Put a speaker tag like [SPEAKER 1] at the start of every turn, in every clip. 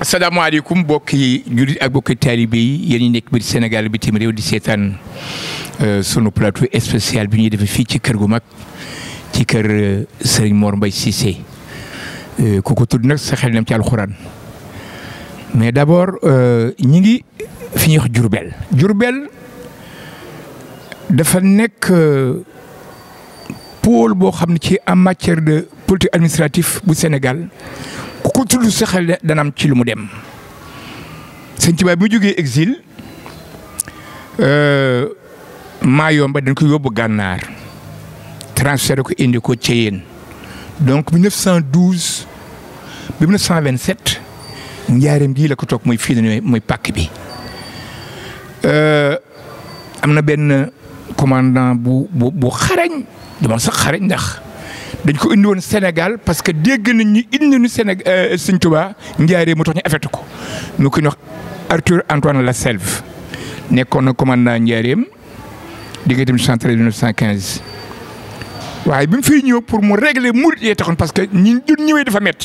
[SPEAKER 1] asalaamaaleykum bokki jullit ak bokki taalibe yi yéen ñi nekk biir Sénégal bitim réew di seetaan euh, sunu plateau spécial bi ñuy defee fii ci kër gu mag ci kër euh, Serigne Mor Mbaye Cissé euh, ku tudd nag sa xel nam ci alxuraan mais d'abord ñi ngi fi ñuy wax Jurbel Jurbel dafa nekk pôle boo xam ne ci en matière de politique administrative bu Sénégal ku ko tudd sa xel dana am ci lu mu dem sëñ Tuubaa bi mu jógee exil euh, maa yomba dañ ko yóbbu gànnaar transféré ko indi ko Thiéyène donc 1912 bi 1927 njaareem gii la ko toog muy fii ne muy pakk bi euh, am na benn commandant bu bu bu xarañ sax xarañ ndax. dañ ko indi Sénégal parce que dégg nañ ñu indi nu Sénégal euh, Sëñ Tuubaa njaaree mu tax ñu affecté ko ñu koy wax Arthur Antoine Laselve nekkoon na commandant njaareem diggante 1913 1915 waaye bi mu fiy ñëw pour mu régler murit yee taxoon parce que ñi dun ñëwee dafa met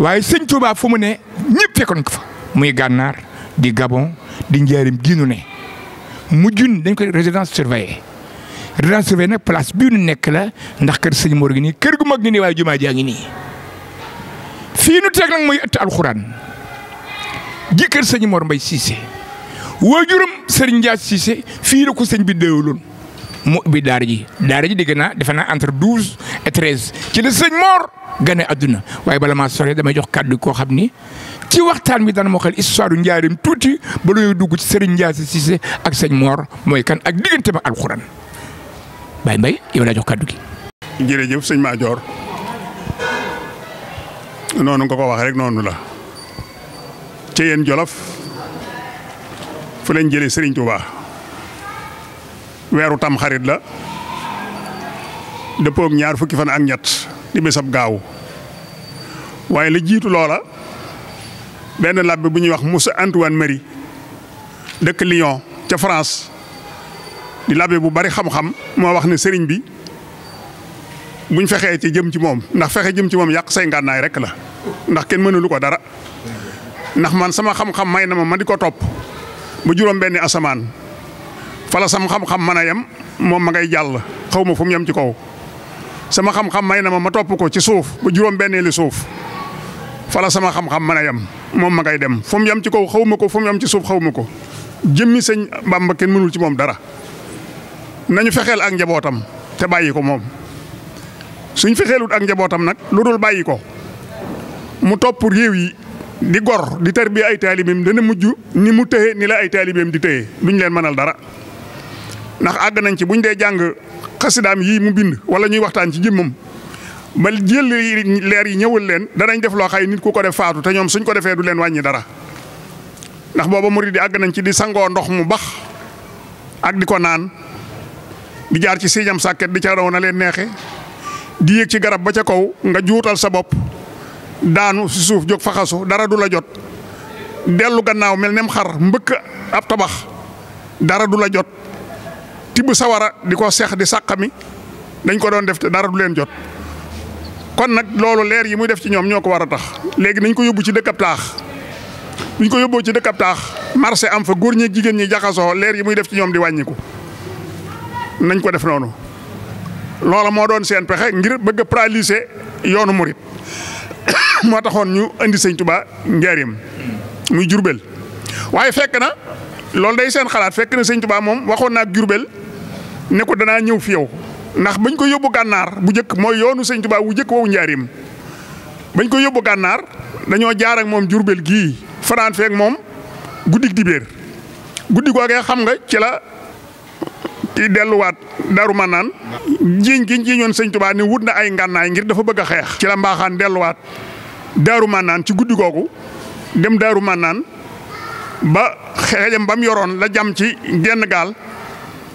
[SPEAKER 1] waaye Sëñ Tuubaa fu mu ne ñëpp fekkoon ko fa muy gànnaar di Gabon di njaareem giinu ne mujjun dañ koy résidence surveillée réservé nag place bii nu nekk la ndax kër sëñ moor gi nii kër gu mag gi nii waaye jumaa jaa ngi nii fii nu teg nag mooy ëtt alxuraan ji kër sëñ Mor Mbay Cissé waajuram sëriñ Ndiaye Cissé fii la ko sëñ bi déewuloon mu ubbi daar ji daar ji dégg naa defe naa entre douze et treize ci la sëñ Mor gane àdduna waaye bala maa sore damay jox kàddu koo xam ni ci waxtaan bi daan moo xam histoire njaarim tuuti ba lu ñuy dugg ci sëriñ Ndiaye Cissé ak sëñ moor mooy kan ak diggante ba alxuraan. Baye Mbaye yow laa jox kàddu gi.
[SPEAKER 2] jërëjëf sëñ maajoor noonu nga ko wax rek noonu la ci yéen jolof fu lañ jëlee Serigne Touba weeru tam xarit la dëppoo ñaar fukki fan ak ñett di bésab gaaw waaye la jiitu loola benn labbe bu ñuy wax Moussa Antoine Marie dëkk Lyon ca France. di bu bari xam-xam moo wax ne sëriñ bi buñ fexee ci jëm ci moom ndax fexe jëm ci moom yàq say ngànnaay rek la ndax kenn mënulu ko dara ndax man sama xam-xam may na ma ma di ko topp ba juróom benni asamaan fala sam xam-xam a yem moom ma ngay jàll xaw ma fu mu ci kaw sama xam-xam may na ma ma topp ko ci suuf ba juróom benneeli suuf fala sama xam-xam a yem moom ma ngay dem fu yam ci kaw xaw ko fu mu ci suuf xaw ma ko jëmmi sëñ Bàmba kenn mënul ci moom dara nañu fexeel ak njabootam te bàyyi ko moom suñ fexeelut ak njabootam nag lu dul bàyyi ko mu topp réew yi di gor di tarbiya ay taalibeem dana mujj ni mu tëye ni la ay taalibeem di tëye duñ leen mënal dara ndax àgg nañ ci buñ dee jàng xasidaam yii mu bind wala ñuy waxtaan ci jëmmam ba jël leer yi ñëwal leen danañ def loo xay nit ku ko def faatu te ñoom suñ ko defee du leen wàññi dara ndax booba mu yi àgg nañ ci di sangoo ndox mu bax ak di ko naan di jaar ci siiñam sàkket di ca raw na leen neexe di yéeg ci garab ba ca kaw nga juutal sa bopp daanu si suuf jóg faxasu dara du la jot dellu gannaaw mel nem xar mbëkk ab tabax dara du la jot tibb sawara di ko seex di sàqami dañ ko doon def te dara du leen jot kon nag loolu leer yi muy def ci ñoom ñoo ko war a tax léegi dañ ko yóbbu ci dëkkab taax ko yóbboo ci dëkkab taax marché am fa góor ñi jigéen ñi jaxasoo leer yi muy def ci ñoom di wàññiku nañ ko def noonu loola moo doon seen pexe ngir bëgg a yoonu murit moo taxoon ñu indi sëñ Tuubaa njaarim muy jurbel waaye fekk na loolu day seen xalaat fekk na sëñ Tuubaa moom waxoon naa ak jurbel ne ko danaa ñëw fi yow ndax bañ ko yóbbu gànnaar bu njëkk mooy yoonu sëñ Tuubaa bu njëkk wowu njaarim bañ ko yóbbu gànnaar dañoo jaar moom jurbel gii fanaan feek moom guddik dibéer guddi googee xam nga ci la delluwaat daru ma naan jiñ giñ jiñoon sëñ ni wut na ay ngànnaay ngir dafa bëgg a xeex ci la mbaaxaan delluwaat daaru ma ci guddi googu dem daaru ma ba xeejam ba yoroon la jam ci genn gaal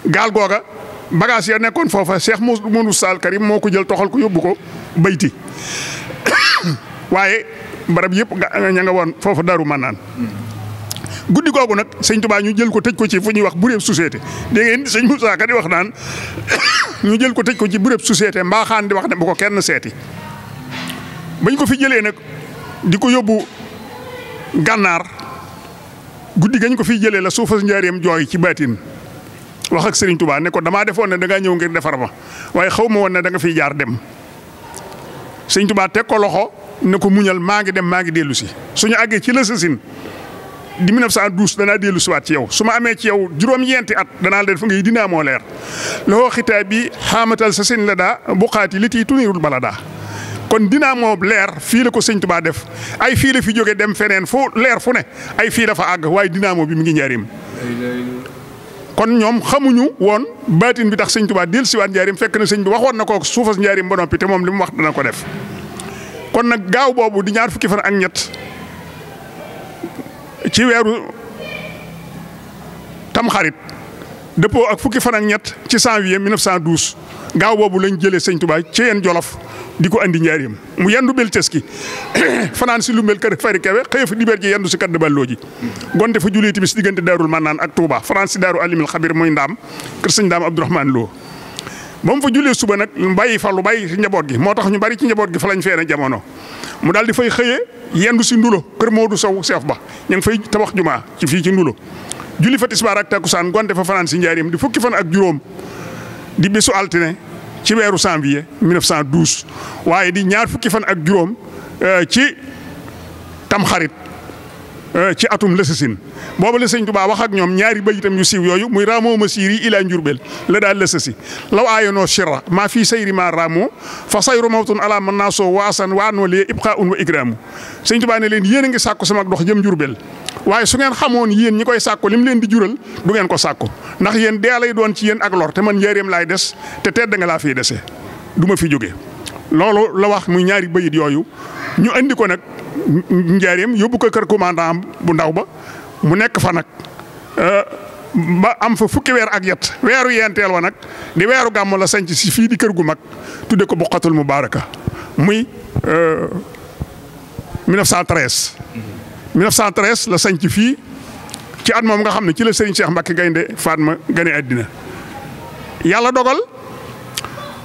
[SPEAKER 2] gaal googa bagage ya nekkoon foofa Cheikh Moudou Sall Karim moo ko jël toxal ko yóbbu ko bayti waaye barab yëpp ña nga woon foofa daaru ma guddi kooku nag sëñ Tuubaa ñu jël ko tëj ko ci fu ñuy wax bureeb société dégg ngeen sëñ Moussa Ka di wax naan ñu jël ko tëj ko ci bureeb société mbaaxaan di wax ne bu ko kenn seeti bañ ko fi jëlee nag di ko yóbbu gànnaar guddi gañ ko fi jëlee la suufas njaareem jooy ci baatin wax ak Serigne Touba ne ko damaa defoon ne dangaa ñëw ngir defar ma waaye xaw ma woon ne danga fiy jaar dem Serigne Touba teg ko loxo ne ko muñal maa ngi dem maa ngi dellu si suñu àggee ci la di 1912 danaa dellu si waat ci yow su ma amee ci yow juróom-ñeenti at danaa la def ngay dinaa moo leer loo xitaab bi xaamatal sa sin la daa buqaati li tii tunirul bala daa kon dinaa moo leer fii ko sëñ Tuubaa def ay fii fi jóge dem feneen fu leer fu ne ay fii la fa àgg waaye dinaa moo bi mu ngi njaarim kon ñoom xamuñu woon baatin bi tax sëñ Tuubaa dellu si waat njaarim fekk na sëñ bi waxoon na ko suufas njaarim ba noppi te moom li mu wax dana ko def kon nag gaaw boobu di ñaar fukki fan ak ñett ci weeru tamxarit dëppoo ak fukki fan ak ñett ci janvier 1912 gaaw boobu lañ jëlee sëñ Touba ci yeen jolof di ko andi njaareem mu yendu beltes ki fanaan si lu mel kër fari kewe xëy fa dibeer ji yendu si kat dëballoo ji gonte fa julli timis diggante daarul mannaan ak Touba fanaan si daaru alimil xabir muy ndaam kër sëñ ndaam Abdourahmane Lo ba mu fa jullee suba nag bàyyi fa lu bàyyi ci njaboot gi moo tax ñu bari ci njaboot gi fa lañ feene jamono mu daal di fay xëyee yendu si ndulo kër Modou Sow chef ba ñu ngi fay tabax jumaa ci fii ci ndulo julli fa tisbaar ak takkusaan gonte fa fanaan si njaarim di fukki fan ak juróom di bésu altine ci weeru janvier 1912 waaye di ñaar fukki fan ak juróom eh, ci tamxarit Euh, ci atum lësasin booba la sëñ Tuubaa wax ñoom ñaari bayitam yu siiw yooyu muy raamoo ma siiri ilaa njurbel la daal lësasi law aayonoo shirra maa fii sayri ma raamoo fa sayru mawtun ala man naa soo waasan waanoo lee ibqaa un wa igraamu sëñ Tuubaa ne leen yéen a ngi sàkku sama dox jëm njurbel waaye su ngeen xamoon yéen ñi koy sàkku lim leen di jural du ngeen ko sàkku ndax yéen dee lay doon ci yéen ak lor te man njaareem laay des te tedd nga laa fiy dese du ma fi jóge loolu la wax muy ñaari bayit yooyu ñu andi njaareem yóbbu ko kër commandant bu ndaw ba mu nekk fa nag euh, ba am fa fukki weer ak yet weeru yenteel wa nag di weeru gàmmu la sanc si fii di kër gu mag tudde ko Buqatul Mubaraka muy 1913 euh, 1913 la sanc fii ci at moom nga xam ne ci la Serigne Cheikh Mbacke Gaynde Fatma gane àddina yàlla dogal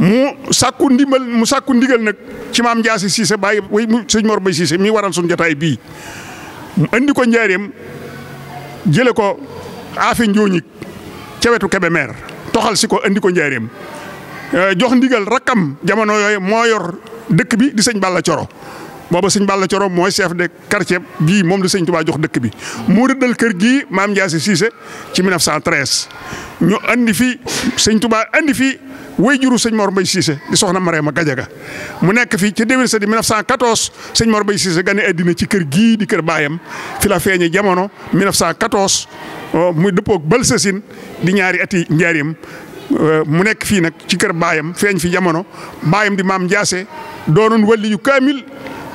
[SPEAKER 2] mu sàkku ndimbal mu sàkku ndigal nag ci maam Ndiass Cissé bàyyi sëñ Mor Mbaye Cissé mi waral suñu jotaay bii mu andi njaareem jële ko aafe njooñik ca wetu Kébémer toxal si ko andi ko njaareem euh, jox ndigal rakkam jamono yooyu moo yor dëkk bi di sëñ Balla Coro booba sëñ Balla Coro mooy chef de quartier bii moom la sëñ Tuubaa jox dëkk bi mu rëddal kër gii maam Ndiass Cissé ci 1913 ñu andi fi sëñ Tuubaa andi fi way juru sëñ Mor Mbaye Cissé di soxna Marema Gajaga mu nekk fii ci déwén sa di 1914 sëñ Mor Mbaye Cissé gane àddina ci kër gii di kër baayam fi la feeñe jamono 1914 mu dëppoog Balsasine di ñaari ati njaarim euh, mu nekk fii nag ci kër baayam feeñ fi jamono baayam di maam Ndiassé doonoon waliyu kaamil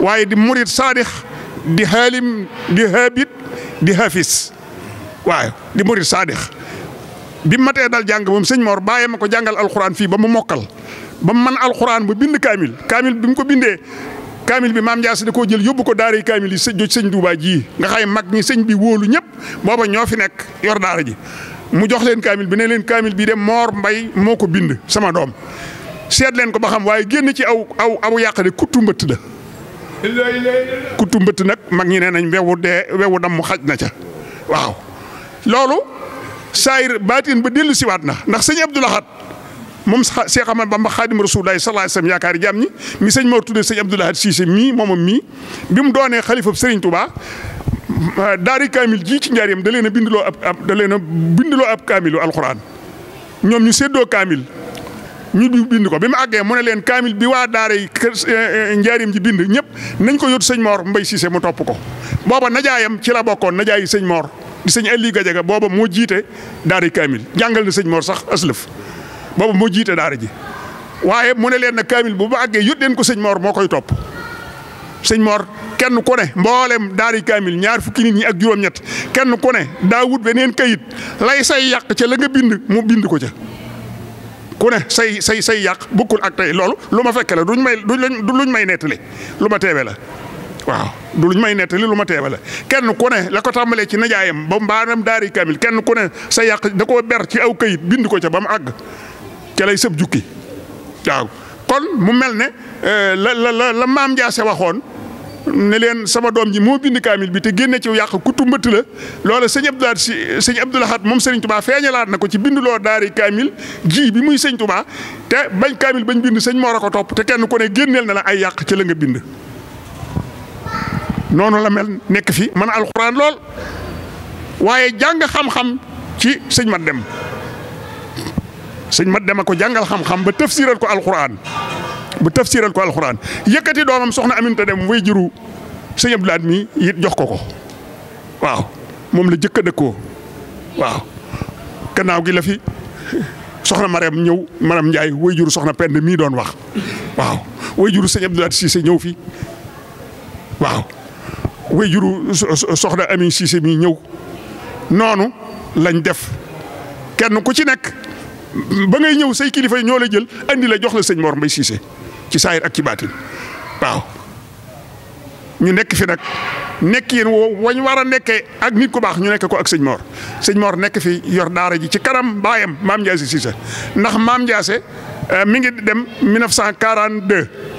[SPEAKER 2] waaye di murid saadix di xaalim di habit di hafis waaye di murid saadix bi matee dal jàng moom sëñ Mor bàyyee ma ko jàngal alxuraan fii ba mu mokkal ba mu mën alxuraan ba bind kaamil kaamil bi mu ko bindee kaamil bi maam Ndiass da koo jël yóbbu ko daara yi kaamil yi sëñ sëñ Touba ji nga xay mag ñi sëñ bi wóolu ñëpp booba ñoo fi nekk yor daara ji mu jox leen kaamil bi ne leen kaamil bi de moor Mbay moo ko bind sama doom seet leen ko ba xam waaye génn ci aw aw aw yàq de kuttu mbëtt la. kuttu mbëtt nag mag ñi nee nañ wewu dee wewu dam mu xaj na ca waaw saayir baatin ba dellu siwaat na ndax sëñ Abdou Lahad moom Cheikh Ahmadou Bamba Xaadimu Rasuulillaahi sallallaahu alayhi wa sallam yaakaari jaam ñi mi señ Mor tuddee sëñ Abdou Lahad Cissé mii moomam mii bi mu doonee xalifab Sëriñ Tuubaa daari kaamil jii ci njaareem da leen a bindloo ab da leen a bindloo ab kaamilu alxuraan ñoom ñu seddoo kaamil ñu bindi ko bi mu àggee mu ne leen kaamil bi waa daara yi eh, eh, njaareem ji bind ñëpp nañ ko yót sëñ Mor Mbay Cissé mu topp ko booba najaayam ci la bokkoon najaayi sëñ Mor di sëñ Aliou gajaga booba moo jiite daara kaamil jàngal na sëñ Mor sax aslëf booba moo jiite daara ji waaye mu ne leen nag kaamil bu ba àggee yót leen ko sëñ moor moo koy topp sëñ Mor kenn ku ne mboolem daari kaamil ñaar fukki nit ñi ak juróom-ñett kenn ku ne daa wut beneen kayit lay say yàq ca la nga bind mu bind ko ca ku ne say say say yàq bokkul ak tey loolu lu ma fekke la duñ may duñ luñ may nettali lu ma teewee la. waaw duluñ luñ may nettali lu ma teebale kenn ku ne la ko tàmbalee ci najaayam ba mbaanam daari kamil kenn ku ne sa yàq da koo ber ci aw kayit bind ko ca ba mu àgg ca lay sëb jukki waaw kon mu mel ne euh, la la la maam Ndiasse waxoon ne leen sama doom ji moo bind kaamil bi te génne ci yàq ku tumbati la loola sëñ Abdoulaye si sëñ Abdoulaye Xat moom sëñ tubaa feeñalaat na ko ci bind loo daari kaamil ji bi muy sëñ Touba te bañ kaamil bañ bind sëñ Mor a topp te kenn ku ne génneel na la ay yàq ci la bind. noonu la mel nekk fi man alxuraan lool waaye jàng xam-xam ci sëñ mat dem sëñ mat dem a ko jàngal xam-xam ba tafsiral ko alxuraan ba tafsiral ko alxuraan yëkkati doomam soxna Aminta dem way juru sëñ Abdou Lahad mi it jox ko ko waaw moom la jëkk a dëkkoo waaw gannaaw gi la fi soxna Marème ñëw Marème Ndiaye way juru soxna Pend mii doon wax waaw way juru sëñ Abdou Lahad Cissé ñëw fi waaw way juru soxna Ami Cissé mi ñëw noonu lañ def kenn ku ci nekk ba ngay ñëw say kilifa yi ñoo la jël andi la jox la sëñ Mor Mbaye Cissé ci saayir ak ci baatin waaw ñu nekk fi nag nekk yéen woo wañ war a nekkee ak nit ku baax ñu nekk ko ak sëñ Mor sëñ moor nekk fi yor daara ji ci kanam mbaayam Maam Ndiassé Cissé ndax Maam Ndiassé euh, mi ngi dem 1942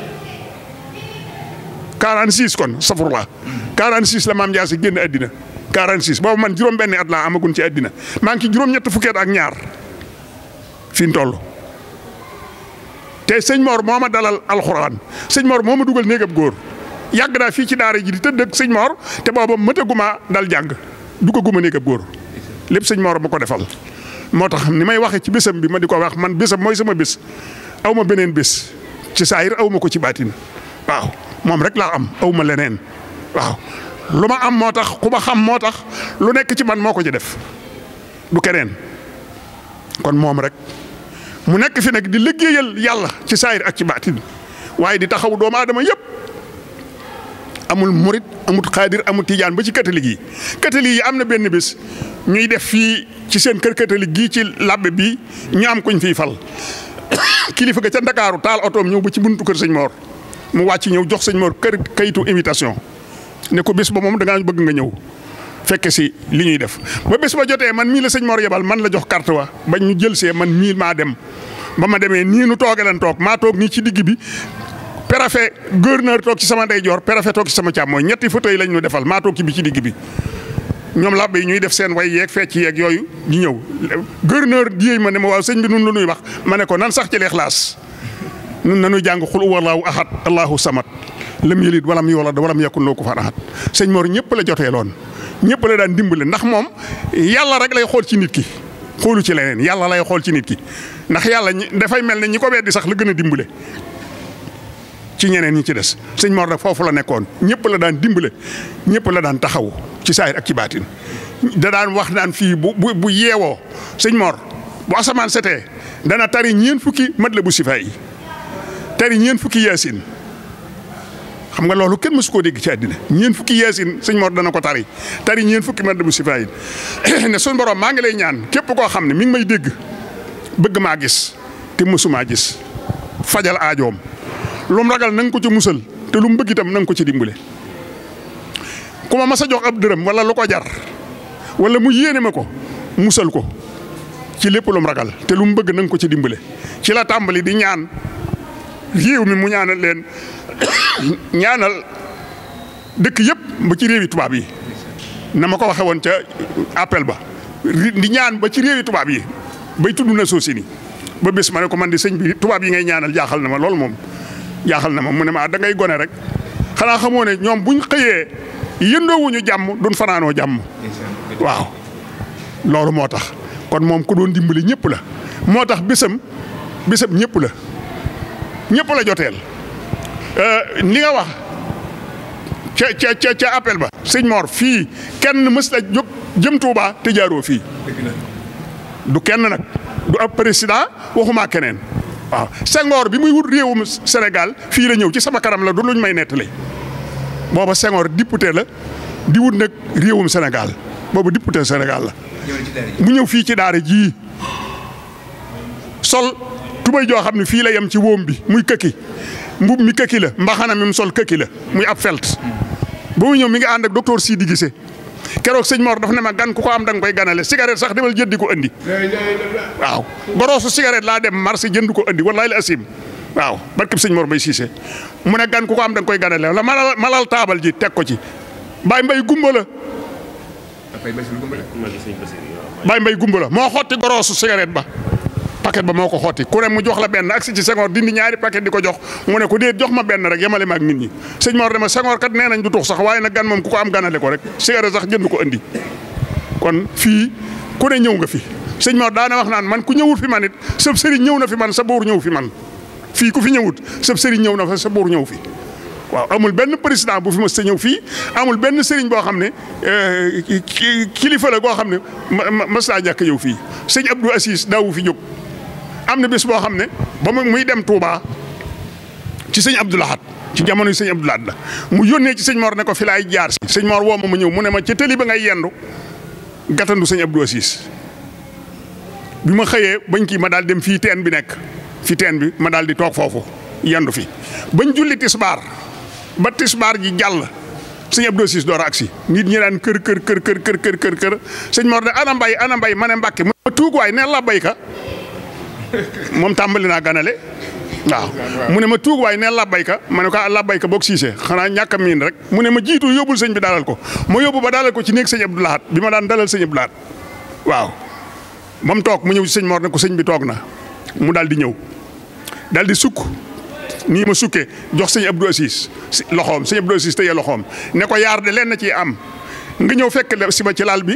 [SPEAKER 2] 46 kon safurlaa 46 la maam Ndiassé génn àddina 46 boobu man juróom-benni at laa amagun ci àddina maa ngi ci juróom-ñett fukki at ak ñaar fii mu toll. te sëñ moor moo ma dalal alxuraan sëñ moor moo ma dugal néegab góor yàgg naa fii ci daara ji di te ak sëñ Mor te booba mëtaguma dal jàng duggaguma néegab góor lépp sëñ Mor ma ko defal. moo tax ni may waxee ci bésam bi ma di ko wax man bésam mooy sama bés aw ma beneen bés ci saayir aw ma ko ci baati waaw. moom rek laa am awma leneen waaw lu ma am moo tax ku ma xam moo tax lu nekk ci man moo ko ci def du keneen kon moom rek mu nekk fi nag di liggéeyal yàlla ci saayir ak ci baatin waaye di taxaw doomu aadama yëpp amul murit amul xaadir amul tiijaan ba ci catholique yi catholique yi am na benn bis ñuy def fii ci seen kër catholique gii ci labbe bi ñu am kuñ fiy fal kilifa ga ca ndakaaru taal otoom ñëw ba ci buntu kër sëñ Mor. mu wàcc ñëw jox sëñ Mor kër kayitu invitation ne ko bés ba moom da ngaa bëgg nga ñëw fekke si li ñuy def ba bés ba jotee man mii la sëñ Mor yebal man la jox carte wa bañ ñu jël see man mii maa dem ba ma demee nii nu toogee lan toog maa toog ci digg bi. préfet gouverneur toog ci sama ndeyjoor préfet sama càmmooñ ñetti fauteuil lañ ñu defal maa toog bi ci digg bi ñoom làbbe yi ñuy def seen way yeeg fecc yeeg yooyu di ñëw gouverneur di ma ne ma waaw sëñ bi nun lu nuy wax ma ne ko nan sax ci leexlaas nun nanu jàng xul wallahu ahad allahu samad lam yëlit walam yoolad walam yakun loo ko far ahad sëñ Mor ñëpp la jotee loon ñëpp la daan dimbale ndax moom yàlla rek lay xool ci nit ki xoolu ci leneen yàlla lay xool ci nit ki ndax yàlla dafay mel ne ñi ko weddi sax la gën a dimbale ci ñeneen ñi ci des sëñ moor nag foofu la nekkoon ñëpp la daan dimbale ñëpp la daan taxaw ci saayir ak ci baatin da daan wax naan fii bu bu yeewoo sëñ Mor dana tari ñeen fukki mat la bu sifaay tari ñeent fukki yaasin xam nga loolu kenn mësu koo dégg ci àddina ñeent fukki yaasin sëñ Mor dana ko tari tari ñeent fukki mad bu sifayin ne suñ borom maa ngi lay ñaan képp koo xam ne mi ngi may dégg bëgg maa gis te mësumaa gis fajal aajoom lu ragal na ko ci musal te lu mu bëgg itam na ko ci dimbale ku ma a jox ab dërëm wala lu ko jar wala mu yéene ma ko musal ko ci lépp lu ragal te lu mu bëgg na ko ci dimbale ci la tàmbali di ñaan. réew mi mu ñaanal leen ñaanal dëkk yëpp ba ci réewi tubaab yi na ma ko waxee woon ca appel ba di ñaan ba ci réewi tubaab yi bay tudd na soosi ni ba bés ma ne ko man di sëñ bi tubaab yi ngay ñaanal jaaxal na ma lool moom jaaxal na ma mu ne ma ah, dangay gone rek xanaa xamoo ne ñoom buñ xëyee yëndoowuñu jàmm duñ fanaanoo jàmm waaw loolu moo tax kon moom ku doon dimbali ñëpp la moo tax bésam bésam ñépp la ñëpp la joteel li euh, nga wax ca ca ca ca appel ba. sëñ Mor fii kenn mës la jóg jëm Touba te jaaroo fii. du kenn nag du ab président waxuma keneen waaw sengoor bi muy wut réewum Sénégal fii la ñëw ci sama kanam la du luñ may nettali booba Senghor député la di wut nag réewum Sénégal booba député Sénégal la. mu ñëw fii ci daara jii sol. tubay joo xam ne fii la yem ci wóom bi muy këkki mbub mi këkki la mbaxana mi mu sol këkki la muy ab felt ba muy ñëw mi ngi ànd ak sii Sidi Gissé keroog sëñ Mor daf ne ma gan ku ko am da nga koy ganale cigarette sax demal jëndi ko andi. waaw goroosu cigarette laa dem marché jënd ko andi wallahi la asim waaw barkeb sëñ Mor bay Cissé mu ne gan ku ko am da koy ganale la malal malal taabal ji teg ko ci Baye Mbaye gumba la. Baye Mbaye gumba la moo xotti goroosu cigarette ba. paquet ba moo ko xotti ku ne mu jox la benn ak si ci Senghor dindi ñaari paquet di ko jox mu ne ku dee jox ma benn rek yemale ma ak nit ñi sëñ Mor dama Senghor kat nee nañ du tux sax waaye nag gan moom ku ko am ganale ko rek cigarette sax ko andi kon fii ku ne ñëw nga fi sëñ Mor daana wax naan man ku ñëwul fi man it sab sëriñ ñëw na fi man sa buur ñëw fi man fii ku fi ñëwut sab sëriñ ñëw na fa sa buur ñëw fi waaw amul benn président bu fi mës a ñëw fii amul benn sëriñ boo xam ne euh, kilifa la goo xam ne mës naa ñàkk ñëw fii sëñ Abdou Assis daawu fi jóg am na bés boo xam ne ba muy dem Touba ci sëñ Abdou Lahad ci jamono yi sëñ Abdou Lahad la mu yónnee ci sëñ Mor ne ko fi laay jaar si sëñ Mor woo ma mu ñëw mu ne ma ca tëli ba ngay yendu gàttandu sëñ Abdou Assis bi ma xëyee bañ kii ma daal dem fii teen bi nekk fii teen bi ma daal di toog foofu yendu fi bañ julli tisbaar ba tisbaar ji jàll sëñ Abdou Assis door a agsi nit ñi daan kër kër kër kër kër kër kër sëñ Mor ne ana mbay ana mbay ma ne mbàkke ma tuug waay ne la bayka moom tàmbali naa ganale waaw mu ne ma tuug waay ne labbayka ma ne ko ah labbayka boog siise xanaa ñàkk miin rek mu ne ma jiitu yóbbul sëñ bi dalal ko ma yóbbu ba dalal ko ci néeg sëñ Abdou laat bi ma daan dalal sëñ Abdou Lahad waaw ba toog mu ñëw sëñ Mor ne ko sëñ bi toog na mu daal di ñëw dal di sukk nii ma sukkee jox sëñ Abdou Assis loxoom sëñ Abdou Assis tëye loxoom ne ko yaar de leen na ciy am nga ñëw fekk si ba ci laal bi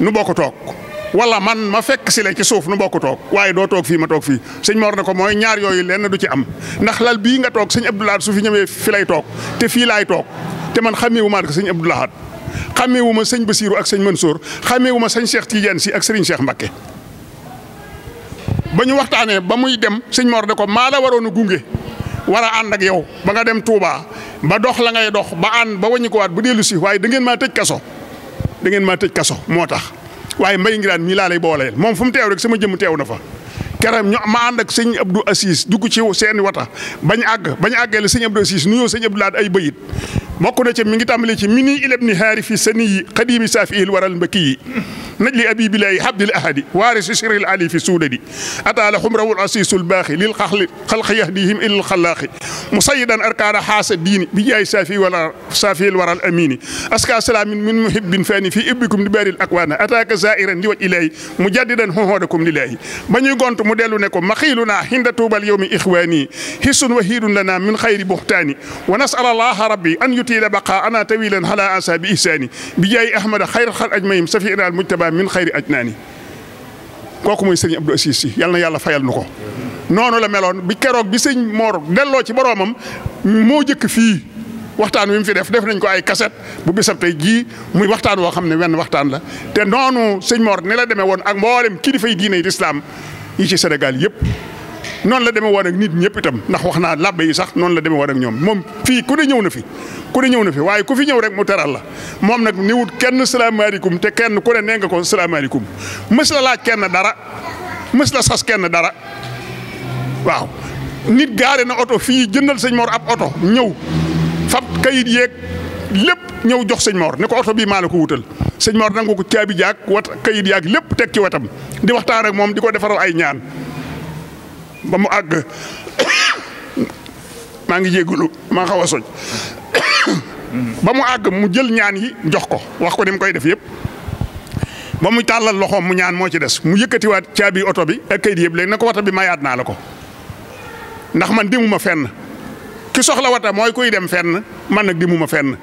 [SPEAKER 2] nu bokk toog. wala man ma fekk si le ci suuf nu bokk toog waaye doo toog fii ma toog fii sëñ Mor ne ko mooy ñaar yooyu lenn du ci am ndax lal bii nga toog sëñ Abdou Lahad su fi ñëwee fi lay toog te fii laay toog te man xamee wu ma ko sëñ Abdou Lahad xamee wu ma sëñ Basiiru ak sëñ Mansour xamee wu ma sëñ Cheikh Tidiane si ak sëriñ Cheikh Mbacké ba ñu waxtaanee ba muy dem sëñ Mor ne ko maa la waroon a gunge war a ànd ak yow ba nga dem Touba ba dox la ngay dox ba ànd ba wàññi ko dellu si waaye da ngeen maa tëj kaso da ngeen maa tëj kaso moo tax waaye mbay ngiraan mii laa lay boole moom fu mu teew rek sama jëmm teew na fa. keroog ñu ma ànd ak sëñ Abdou Assis dugg ci seeni wata bañ àgg bañ àggale sëñ Abdou Assis nuyoo sëñ Abdou laa ay bëyit bokk na ci mi ngi tàmbali ci mini ilab ni haari fi sani yi xadimi saafi il waral mbëkk yi najli abi bilahi habdil ahadi waarisi siril ali fi suudadi ataala xumrawul asisul baaxi lil xaxli xalqi yahdihim ilal xalaaqi musayidan arkaana xaasa diini bi jaay saafi wala saafil waral amini aska salaamin min muhibbin fani fi ibbikum di baril akwaana ataaka zairan li waj ilahi mujaddidan xoxoodakum lilahi ba ñuy gont mu dellu ne ko maxiiluna hinda tuubal yowmi ixwaani hissun wahiidun lana min xayri buxtaani wa nasal allaha rabbi an yutiila baqa ana tawilan ala asaabi ihsaani bi jaay ahmada xayr xal ajmayim safiina al mujtaba biha min xayri ajnaani kooku mooy sëriñ Abdou Assis si yal na yàlla fayal nu ko noonu la meloon bi keroog bi sëñ Mor delloo ci boroomam moo jëkk fii waxtaan wi mu fi def def nañ ko ay kaset bu bisam tey jii muy waxtaan woo xam ne wenn waxtaan la te noonu sëñ moor ni la demee woon ak mboolem kilifa yi diine yi lislaam yi ci Sénégal yëpp noonu la demee woon nit ñëpp itam ndax wax naa labbe yi sax noonu la demee woon ñoom moom fii ku ne ñëw na fi ku ne ñëw na fi waaye ku fi ñëw rek mu teral la moom nag ni wut kenn salaamaaleykum te kenn ku ne nee nga ko salaamaaleykum mës la laaj kenn dara mës la sas kenn dara waaw nit gaare na oto fii jëndal sëñ Mor ab oto ñëw fab kayit yeeg lépp ñëw jox sëñ moor ni ko oto bii maa ko wutal sëñ moor nangu ko caabi jaag wat kayit yaag lépp teg ci wetam di waxtaan moom di ko defaral ay ñaan. ba mu àgg maa ngi jégalu maa xaw a soj ba mu àgg mu jël ñaan yi jox ko wax ko ni mu koy def yëpp ba mu tàllal loxoom mu ñaan moo ci des mu yëkkatiwaat caabi oto bi ak kayit yëpp léegi na ko wata bi mayaat naa la ko ndax man dimuma fenn ki soxla wata mooy kuy dem fenn man nag dimuma fenn.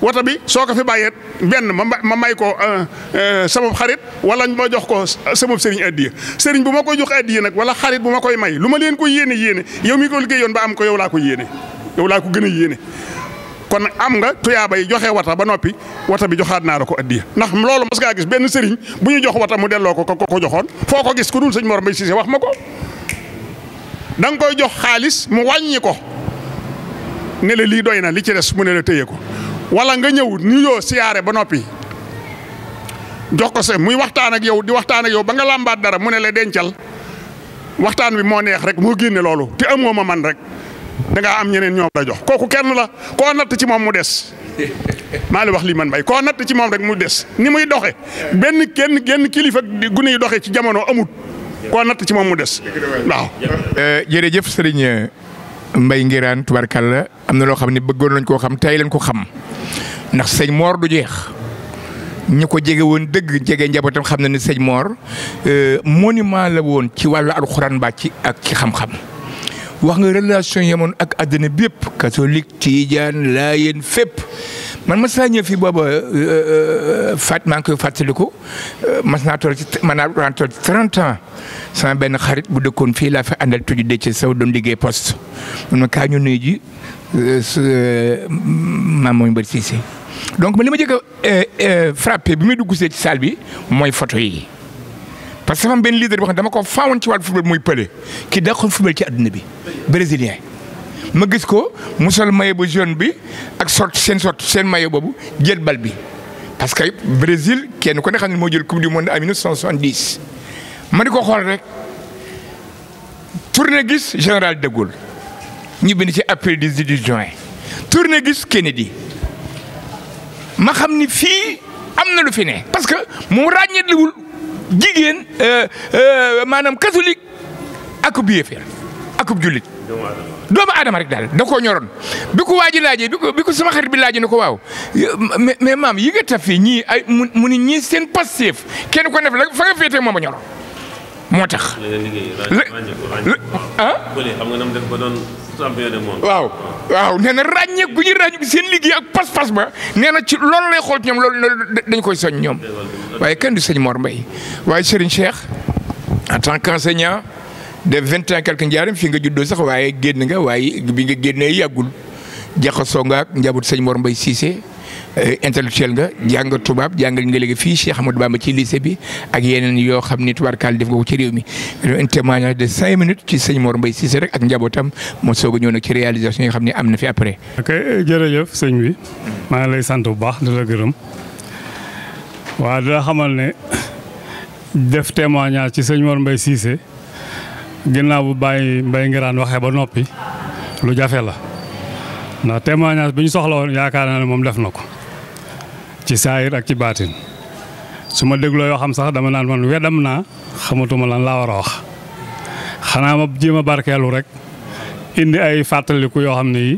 [SPEAKER 2] woto bi soo ko fi bàyyee benn ma may ko euh, euh, sama xarit wala ma jox ko sama sëriñ addiya sëriñ bu ma koy jox addiya nag wala xarit bu ma koy may lu ma leen ko yéene yéene yow mi ko liggéeyoon ba am ko yow laa ko yéene yow laa ko gën a yéene. kon am nga tuyaaba yi joxe wata ba noppi wata bi joxaat naa la ko addiya ndax loolu mas ngaa gis benn sëriñ bu ñu jox wata mu delloo ko ko ko joxoon foo ko gis ku dul sëñ Mor Mbaye Cissé wax ma ko da koy jox xaalis mu wàññi ko lii doy na li ci des mu ne la téye ko. wala nga ñëw nuyoo siyaare ba noppi jox ko se muy waxtaan ak yow di waxtaan ak ba nga làmbaat dara mu ne la dencal waxtaan wi moo neex rek mu génne loolu te amoo ma man rek danga am ñeneen ñoom la jox kooku kenn la koo natt ci moom mu des. maa la wax lii man mbay koo natt ci moom rek mu des ni muy doxe benn kenn kenn kilifa
[SPEAKER 1] gune yi doxe ci jamono amut koo natt ci moom mu des waaw. Eh, jërëjëf sëriñ Mbaye Nguirane tubarkalla am na loo xam ne bëggoon nañ koo xam tey lañ ko xam. ndax sëñ Mor du jeex ñu ko jege woon dëgg jege njabootam xam na ne sëñ Mor euh, monument la woon ci wàllu alxuraan ba ci ak ci xam-xam. wax nga relation yamoon ak àddina bépp catholique tiijaan laayeen fépp man ma naa ñëw fi booba euh, euh, fat maa ngi koy fàttaliku mas naa toll ci man naa toll ci sama benn xarit bu dëkkoon fii laa fa àndal tudd Déthié Sow doon liggéey poste man ma kaa ñu nuyu ji maam mooy mbër donc ma li ma jëkk a euh, euh, bi muy dugg see ci salle bi mooy photo yi parce que dafa am benn leader boo xam dama ko faawoon ci wàllu football muy Pelé ki dàqoon football ci àdduna bi brésilien. ma gis ko mu sol maillot bu jaune bi ak sort seen sort seen maillot boobu jël bal bi parce que Brésil kenn ku ne xam ne moo jël coupe du monde en 1970 ma di ko xool rek tourné gis général de Gaulle ñu bind ci appel du 18 juin tourné gis Kennedy. ma xam ni fii am na lu fi ne parce que mu ràññeewul jigéen euh, euh, maanaam catholique akub yéefeer akub jullit. doomu aadama rek daal da koo ñoroon bi ko waa ji laajee bi ko bi sama xarit bi laajee ne ko waaw mais mais maam yi nga taf fii ñii ay mu ni ñii seen passif kenn ko def la fa nga féetee moom a ñoroon moo tax. ah.
[SPEAKER 3] doon. champion waaw.
[SPEAKER 1] waaw nee na ràññeek bu ñu bi seen liggéey ak pas-pas ba nee na ci loolu lay xool ñoom loolu dañ koy soñ ñoom. waaye kenn du sëñ Mor Mbaye waaye Serigne Cheikh en tant qu'enseignant de vingt ans quelque njaaram fi nga juddoo sax waaye génn nga waaye bi nga génnee yàggul jaxasoo nga ak njaboot sëñ Mor Mbaye Cissé. Euh, intellectuel nga jàng tubaab jàngal nga léegi fii Cheikh Ahmadou Bamba ci lycée bi ak yeneen yoo xam ni tubaarkaal def nga ko ci réew mi un témoignage de cinq minutes ci sëñ Mor Mbaye Cissé rek ak njabootam moo soog a réalisation yi xam ne am na fi après.
[SPEAKER 4] ok jërëjëf sëñ bi maa ngi lay sant bu baax di la gërëm waaw di la xamal ne def témoignage ci sëñ Mor Mbaye Cissé ginnaaw bu bàyyi Mbaye Ngiraan waxee ba noppi lu jafe la ndax témoignage bi ñu soxla woon yaakaar naa ne moom def na ko. ci saayir ak ci baatin su ma dégloo yoo xam sax dama naan man weddam naa xamatuma lan laa war a wax xanaa ma jéem a barkeelu rek indi ay fàttaliku yoo xam ne yi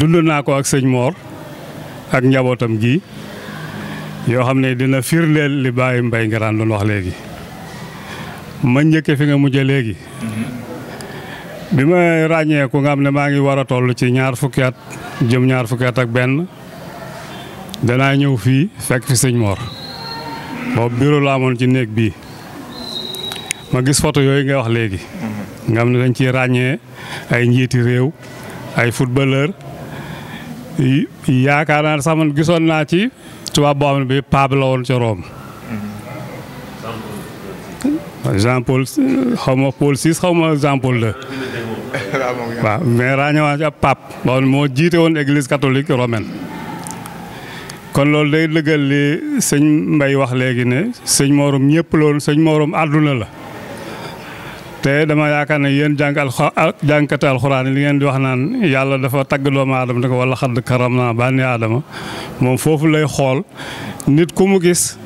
[SPEAKER 4] dund naa ko ak sëñ Mor ak njabootam gi yoo xam ne dina firndeel li bàyyi mbay ngiraan doon wax léegi ma njëkke fi nga mujje léegi bi ma ràññee ku nga xam ne maa ngi war a toll ci ñaar fukki at jëm ñaar fukki ak benn danaa ñëw fii fekk fi sëñ Mor boobu bureau la amoon ci néeg bii ma gis photo yooyu nga wax léegi nga xam ne dañ ci ràññee ay njiiti réew ay footballeur yaakaar naa sax man gisoon naa ci tubaab boo xam ne bi paab la woon ca Rome Jean Paul xaw ma Paul six xaw ma Jean Paul deux waaw mais ràññewaan ci paab boo xam moo jiite woon église catholique romaine kon loolu day dëggal li sëñ Mbay wax léegi ne sëñ Moroom ñëpp loolu sëñ Moroom àdduna la te dama yaakaar ne yéen jàng alxa jàngkati alxuraan li ngeen di wax naan yàlla dafa tagg doomu aadama ne ko wala xadd karam naa ba bànni aadama moom foofu lay xool nit ku mu gis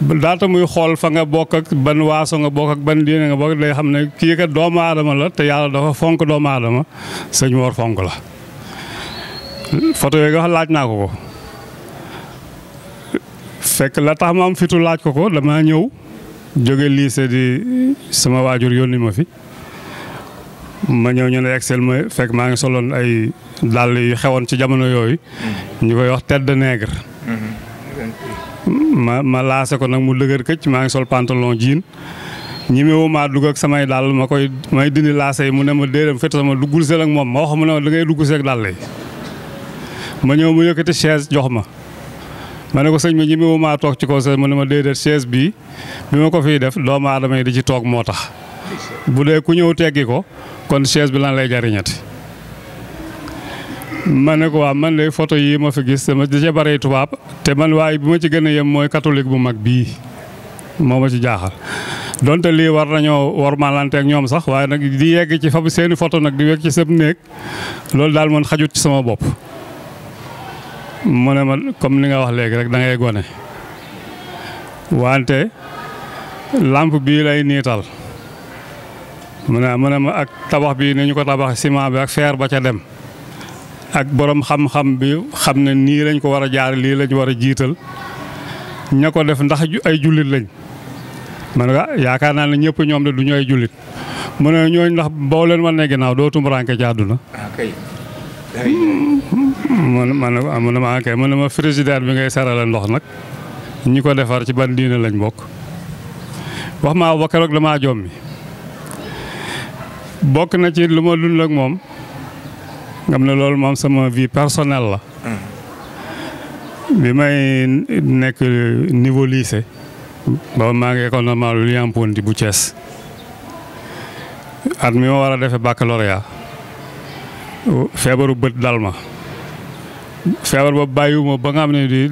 [SPEAKER 4] daata muy xool fa nga bokk ban waaso nga bokk ak ban diine nga bokk day xam ne kii kat doomu aadama la te yàlla dafa fonk doomu aadama sëñ Mor fonk la foto yooyu nga laaj naa ko ko fekk la tax ma am fitu laaj ko ko dama ñëw jóge lycée di sama waajur yónni ma fi ma ñëw ñu ne excel ma fekk maa ngi soloon ay dàll yu xewoon ci jamono yooyu ñu koy wax tête de nègre mm-hmm. ma ma laase ko nag mu dëgër këcc maa ngi sol pantalon jiin ñimewu maa dugg ak samay dàll ma koy may dindi laase yi mu ne ma déedéem fett sama duggul seen moom ma wax mu ne ma da ngay dugg seeg dàll yi ma ñëw mu yëkkati chaise jox ma ma ne ko sëñ ma ñemewu maa toog ci kaw chaise mu ne ma déedéet chaise bii bi ma ko fiy def doomu aadama yi di ci toog moo tax bu dee ku ñëw teggi ko kon chaise bi lan lay jariñati ma ne ko waa man de photo yii ma fi gis dama da ca bare tubaab te man waaye bi ma ci gën a yem mooy catholique bu mag bii moo ma ci jaaxal donte lii war nañoo war maalante ñoom sax waaye nag di yegg ci fa seeni photo nag di wekk ci sëb néeg loolu daal man xajut ci sama bopp mu ne ma comme ni nga wax léegi rek dangay ngay gone wante làmp bii lay niital mu ne mu ne ma ak tabax bii ni ñu ko tabax ciment bi ak fer ba ca dem ak boroom xam-xam bi xam ne nii lañ ko war a jaar lii lañ war a jiital ña ko def ndax ay jullit lañ man nga yaakaar naa ne ñëpp ñoom de du ñu ay jullit mu ne ñooñ ndax boo leen wan ne ginnaaw doo tumuraanke ci
[SPEAKER 1] Hmm.
[SPEAKER 4] man man man maa kay man ma frigidaire bi ngay sarale ndox nag ñi ko defar ci ban diine lañ bokk wax ma ba keroog damaa jommi bokk na ci lu ma dund ak moom ngam ne loolu moom sama vie personnelle la. Hmm. bi may nekk niveau lycée. ba maa ngi école normale William Ponty bu cees at mi ma war a defe baccalauréat feebaru bët dal ma feebar ba bàyyiwuma ba nga xam ne di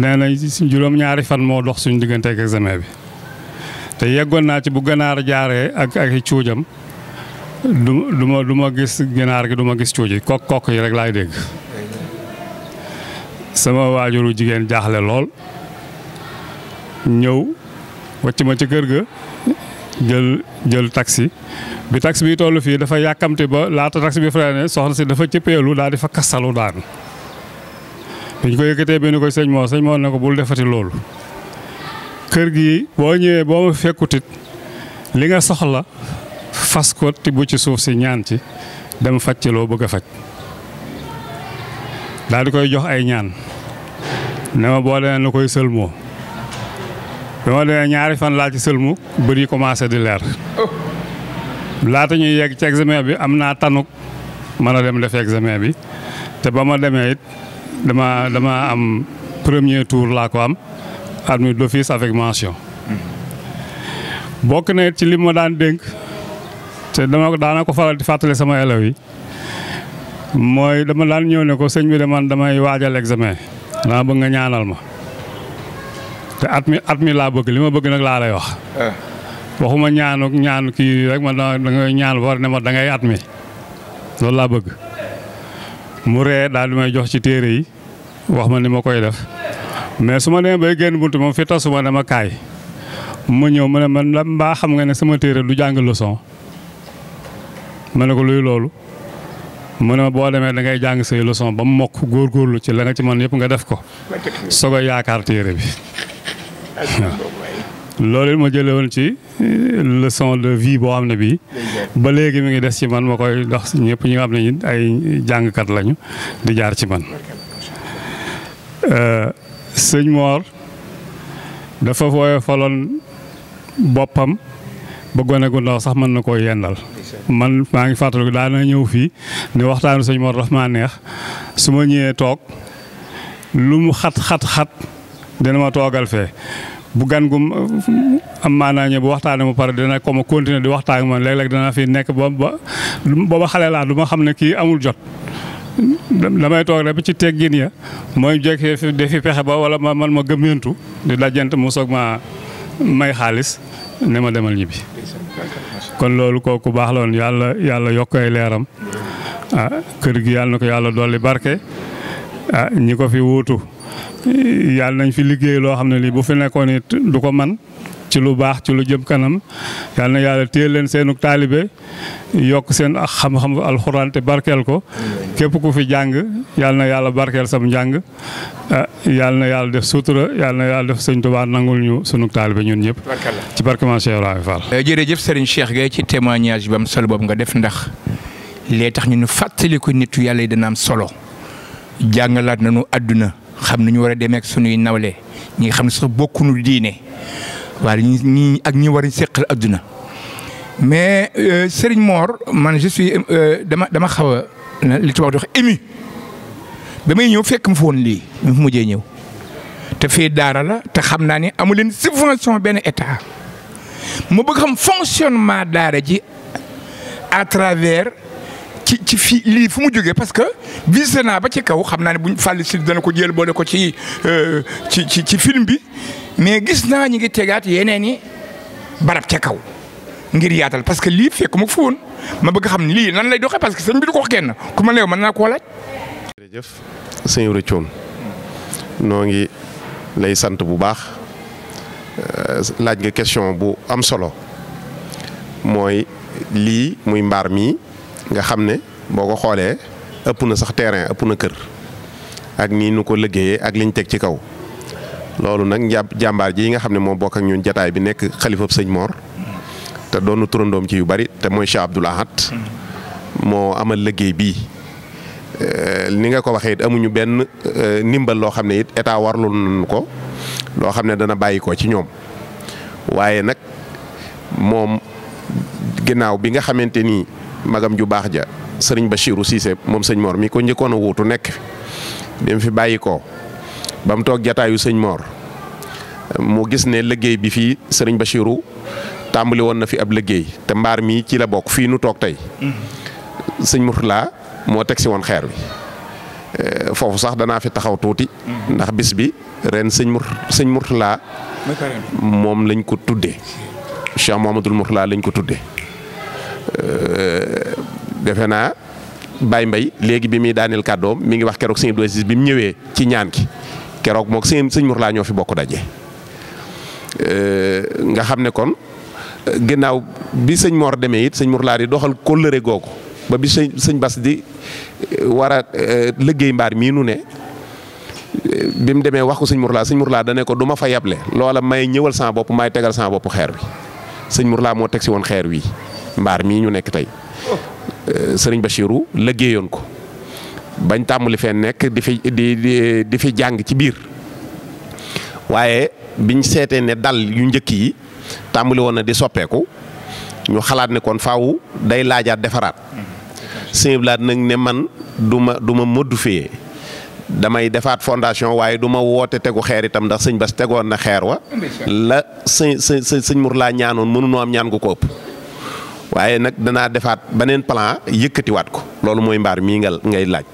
[SPEAKER 4] nee nañ juróom-ñaari fan moo dox suñu diggante ak examen bi te yeggoon naa ci bu ganaar jaaree ak ak i cuujam du du ma gis ganaar gi du ma gis cuuj yi kokk kokk yi rek laay dégg sama waajuru jigéen jaaxle lool ñëw wàcc ma ci kër ga jël jël taxi bi taxi bi toll fii dafa yàkkamti ba laata taxi bi freiné soxna si dafa cëppeelu daal di fa kastalu daanu dañ ko yëkkatee benn koy sëñ moo sëñ moo ne ko bul defati loolu kër gi boo ñëwee boo ma fekkutit li nga soxla fas ko tibb ci suuf si ñaan ci dem faj ci loo bëgg a faj daal di koy jox ay ñaan ne ma boo demee na koy sëlmoo bi ma demee ñaari fan laa ci sëlmu bër yi commencé di leer laata ñuy yegg ci examen bi am naa tanuk mën a dem def examen bi te ba ma demee it dama dama am premier tour laa ko am admis d'office avec mention bokk na it ci li ma daan dénk te dama daana ko faral di fàttali sama élèves yi mooy dama daan ñëw ne ko sëñ bi de man damay waajal examen dama bëgg nga ñaanal ma te at mi at mi laa bëgg li ma bëgg nag laa lay wax. Ah. waxuma ñaanu ñaan kii rek ma da nga ñaan ba war ne ma dangay ngay at mi loolu laa bëgg. mu ree daal di may jox ci téere yi wax ma ni ma koy def mais su ma demee bay génn bunt moom fi tasu ma dama kaay ma ñëw ma ne man mbaa xam nga ne sama téere du jàng leçon ma ne ko luy loolu mu ne ma boo demee da ngay jàng say leçon ba mu mokk góorgóorlu ci la nga ci man yëpp nga def ko soog yaakaar téere bi. loolu ma jële woon ci euh, leçon de vie boo xam ne bii ba léegi mi ngi des ci man ma koy dox ñëpp ñi nga xam ne ñun ay jàngkat lañu di jaar ci man euh, sëñ Mor dafa fooye foloon boppam ba gone gu sax mën na koo yendal man maa ngi fàttaliku daana ñëw fii ne waxtaanu sëñ Mor daf maa neex su ma ñëwee toog lu mu xat xat xat dina ma toogal fee bu gan gu am maanaa ñëw bu waxtaanee mu pare dina ko ma continuer di waxtaan ak man léeg-léeg danaa fi nekk ba ba ba xale laa du ma xam ne kii amul jot. damay toog rek ci teggiin ya mooy jékkee fi defi pexe ba wala man ma gëmyantu di dajant mu soog ma may xaalis ne ma demal ñibbi. kon loolu kooku baax la yàlla yàlla yokk leeram ah, kër gi yàlla na ko yàlla dolli barke ah ñi ko fi wuutu. yàlla nañ fi liggéey loo xam ne lii bu fi nekkoon du ko man ci lu baax ci lu jëm kanam yàlla na yàlla téel leen seenu taalibe yokk seen xam-xam alxuraan te barkeel ko képp ku fi jàng yàlla na yàlla barkeel sam njàng ah, yàlla na yàlla def sutura yàlla na yàlla def sëñ Tuubaa nangul ñu sunu taalibe ñun ñëpp. ci barke maam Cheikh Ibrahima Fall.
[SPEAKER 1] Eh, jërëjëf Serigne ci témoignage bi am solo boobu nga def ndax lee tax ñu nu fàttaliku nitu yàlla yi dana solo jàngalaat nañu àdduna xam nañu war a demee ak sunuy nawle ñi nga xam ne bokk bokkunu diine waaye ñii ak ñi war a seqal adduna mais euh, Serigne Mor man je euh, dama dama xaw a li tubaab di wax ému ba ñëw fekk mu foon lii mu fu ñëw te fii daara la te xam naa ne amu leen subvention benn état ma bëgg xam fonctionnement daara ji à travers. ci ci fii lii fu mu jógee parce que visé naa ba ci kaw xam naa ne buñ fàlli si dana ko jël boole ko ci euh, ci ci ci film bi mais gis naa ñi ngi tegaat yeneen i barab ca kaw ngir yaatal parce que lii fekk ma foon ma bëgg xam ne lii nan lay doxee parce que sëñ bi du ko wax ku ma leew mën naa koo laaj.
[SPEAKER 4] jërëjëf
[SPEAKER 3] sëñ Ibra ngi lay sant bu baax euh, laaj nga question bu am solo mooy lii muy mbaar mii nga xam ne boo ko xoolee ëpp na sax terrain ëpp na kër ak nii nu ko liggéeyee ak liñ teg ci kaw loolu nag jàmbaar ji yi nga xam ne moo bokk ak ñun jataay bi nekk xalifab sëñ Mor te doonu turandoom ci yu bari te mooy Cheikh moo amal liggéey bii euh, ni nga ko waxee amuñu benn euh, ndimbal loo xam ne it état warlu nañu ko loo xam ne dana bàyyi ci ñoom waaye nag moom ginnaaw bi nga xamante ni magam ju baax ja sëriñ Bachirou Cissé moom sëñ Mor mi ko njëkkoon a wuutu nekk fi bi fi bàyyi ko ba mu toog jataayu sëñ Mor mu gis ne liggéey bi fii sëriñ Bachirou tàmbali woon na fi ab liggéey te mbaar mii ci la bokk fii nu toog tey sëñ Mourtala moo teg si woon xeer wi eh, foofu sax danaa fi taxaw tuuti ndax bis bi ren sëñ Mour sëñ moom lañ ko tuddee Cheikh Mouhamadoul lañ ko tuddee Euh, defe naa baay mbay léegi bi muy daaneel kàddoom mi ngi wax keroog sëñ bi mu ñëwee ci ñaan ki keroog moog sëñ sëñ Mourala ñoo fi bokk daje. Euh, nga xam ne kon ginnaaw bi sëñ Mor demee it sëñ murlaa di doxal kóllëre googu ba bi sëñ sëñ Bas di euh, war a liggéey mbaar mii nu ne. bi mu demee wax ko sëñ Mourala sëñ Mourala da ne ko du ma fa yable loola may ñëwal sama bopp may tegal sama bopp xeer wi sëñ Mourala moo teg si woon xeer wii mbaar mii ñu nekk tey euh, sëriñ Bachirou liggéeyoon ko bañ tàmbali fee nekk di fi di di fi jàng ci biir waaye biñ seetee ne dal yu njëkk yi tàmbali woon na di soppeeku ñu xalaat ne kon faaw day laajaat defaraat sëñ Blaat nag ne man du ma du ma damay defaat fondation waaye du woote tegu xeer itam ndax sëñ Bas tegoon na xeer wa la sëñ sëñ sëñ laa ñaanoon mënuñoo am ñaan ko ëpp. waaye nag danaa defaat beneen plan yëkkatiwaat ko loolu mooy mbaar mii nga ngay laaj.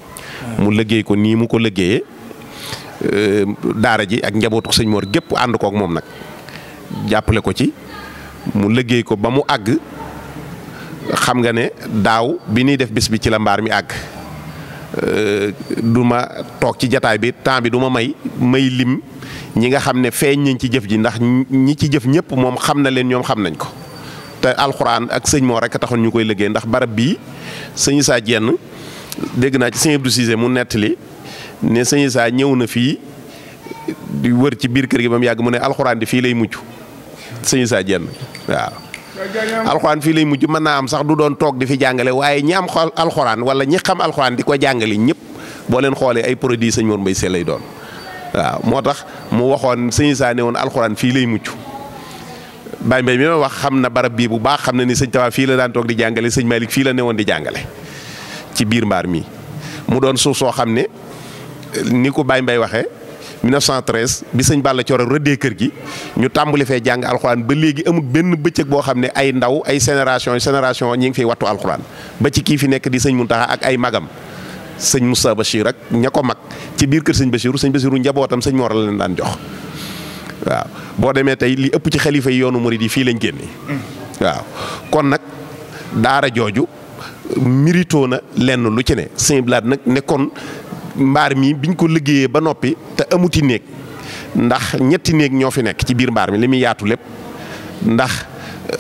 [SPEAKER 3] mu liggéey ko nii mu ko liggéeyee euh, daara ji ak njabootu sëñ gépp ànd kook moom nag jàppale ko ci mu liggéey ko ba mu àgg xam nga ne daaw bi ñuy def bis bi ci la mbaar mi àgg. Euh, du ma toog ci jataay bi temps bi duma may may lim ñi nga xam ne feeñ nañ ci jëf ji ndax ñi ci jëf ñëpp moom xam na leen ñoom xam nañ ko te alxuraan ak sëñ moo rek taxoon ñu koy liggéey ndax barab bii sëñ Issa Diène dégg naa ci sëñ Abdou Cissé ne sëñ Issa ñëw na fii di wër ci biir kër gi ba yàgg mu ne alxuraan di fii lay mujj sëñ Issa Diène waaw. alxuraan fii lay mujj mën naa am sax du doon toog di fi jàngale waaye ñi am xool alxuraan wala ñi xam alxuraan di ko jàngale ñëpp boo leen xoolee ay produits sëñ Mor Mbaye Sèye lay doon moo tax mu waxoon sëñ Issa woon alxuraan fii lay mujj. Baye Mbaye mi ma wax xam na barab bii bu baax xam na ni sëñ Tawa fii la daan toog di jàngale sëñ Malick fii la newoon di jàngale ci biir mbaar mi mu doon suuf soo xam ne ni ko Baye Mbaye waxee 1913 bi sëñ Balla Coro rëddee kër gi ñu tàmbali fee jàng alxuraan ba léegi amul benn bëccëg boo xam ne ay ndaw ay génération génération ñi ngi fiy wattu alxuraan ba ci kii fi nekk di sëñ Muntaxa ak ay magam sëñ Moussa Bachir ak ña ko mag ci biir kër sëñ Bachiru sëñ Bachiru njabootam sëñ Mor la leen daan jox. waaw boo demee tey li ëpp ci xalifa yi yoonu murid yi fii lañ génne. waaw kon nag daara jooju miritoo na lenn lu ci ne sëñ Blaat nag nekkoon mbaar mi biñ ko liggéeyee ba noppi te amuti néeg ndax ñetti néeg ñoo fi nekk ci biir mbaar mi li muy yaatu lépp ndax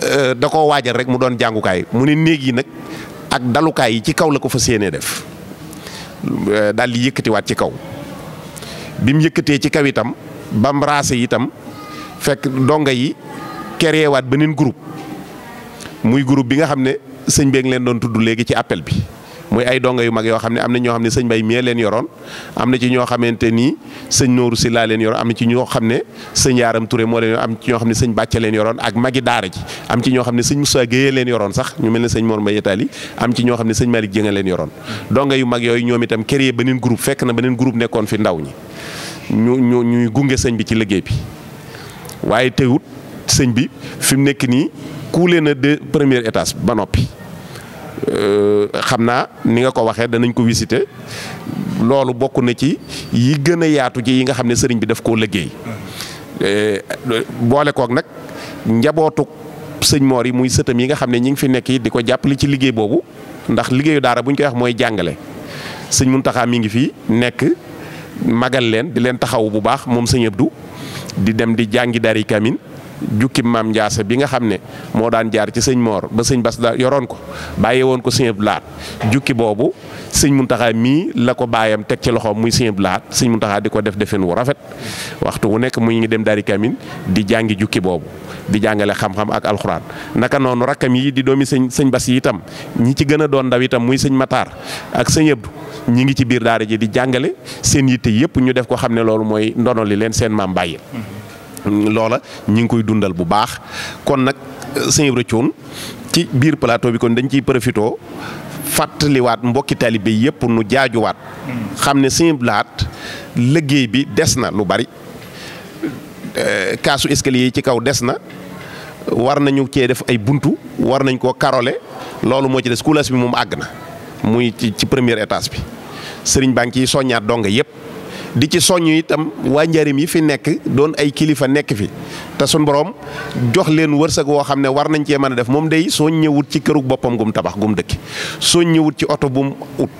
[SPEAKER 3] euh, da koo waajal rek mu doon jàngukaay mu ne néeg yi nag ak dalukaay yi ci kaw la ko fa séenee def euh, daal di yëkkatiwaat ci kaw bi mu yëkkatee ci kaw itam. bam raase itam fekk donga yi kereewaat beneen groupe muy groupe bi nga xam ne sëñ beeg leen doon tudd léegi ci appel bi muy ay donga yu mag yoo xam ne am na ñoo xam ne sëñ Mbay leen yoroon am na ci ñoo xamante ni sëñ Nooru laa leen yoroon am na ci ñoo ne sëñ Yaaram Touré moo leen am ci ñoo xam ne sëñ Bàcca leen yoroon ak magi daara ji am ci ñoo xam ne sëñ Moussa Guèye leen yoroon sax ñu mel ne sëñ Mor Mbaye Tali am ci ñoo xam ne sëñ Malick Dieng leen yoroon yu mag yooyu ñoom itam créé beneen groupe fekk na beneen groupe nekkoon fi ndaw ñi ñu ñu ñuy gunge sëñ bi ci liggéey bi waaye tewut sëñ bi fi mu nekk nii kuule na de première étage ba noppi euh, xam naa ni nga ko waxee danañ ko visiter loolu bokk na ci yi gën a yaatu ci yi nga xam ne sëriñ bi daf koo liggéey euh, boole kook nag njabootu sëñ Mor yi muy sëtam yi nga xam ne ñi ngi fi nekk di ko jàppale ci liggéey boobu ndax liggéeyu daara buñ koy wax mooy jàngale sëñ Muntaxa mi ngi fi nekk. magal leen di leen taxaw bu baax moom sëñ du di dem di jàngi dari kamin jukki maam Ndiasse bi nga xam ne moo daan jaar ci sëñ Mor ba sëñ Bas da yoroon ko bàyyee woon ko sëñ Blaat jukki boobu sëñ Muntaxa mii la ko baayam teg ci loxoom muy sëñ Blaat sëñ taxaa di ko def defin wu rafet waxtu wu nekk mu ngi dem dari di jàngi jukki boobu di jàngale xam-xam ak alxuraan naka noonu rakkam yi di doomi sëñ sëñ Bas yi itam ñi ci gën a doon ndaw itam muy sëñ mataar ak sëñ Abdu ñi ngi ci biir daara ji di jàngale seen yitte yëpp ñu def ko xam ne loolu mooy ndono li leen seen maam loola ñu ngi koy dundal bu baax kon nag euh, sëñ Ibra ci biir plateau bi kon dañ ciy profité fàttaliwaat mbokki taalibe yëpp nu jaajuwaat. xam ne sëñ Blaat liggéey bi des na lu bari euh, kaasu escalier yi ci kaw des na war nañu cee def ay buntu war nañ koo karole loolu moo ci des coulage bi moom àgg na muy ci ci première étage bi sëriñ baa ngi ciy soññaat donga yëpp. di ci soññ itam waa njaarim yi fi nekk doon ay kilifa nekk fi te suñ borom jox leen wërsëg woo xam ne war nañ cee mën a def moom day soo ñëwut ci kërug boppam gum tabax gum dëkk soo ñëwut ci oto bum ut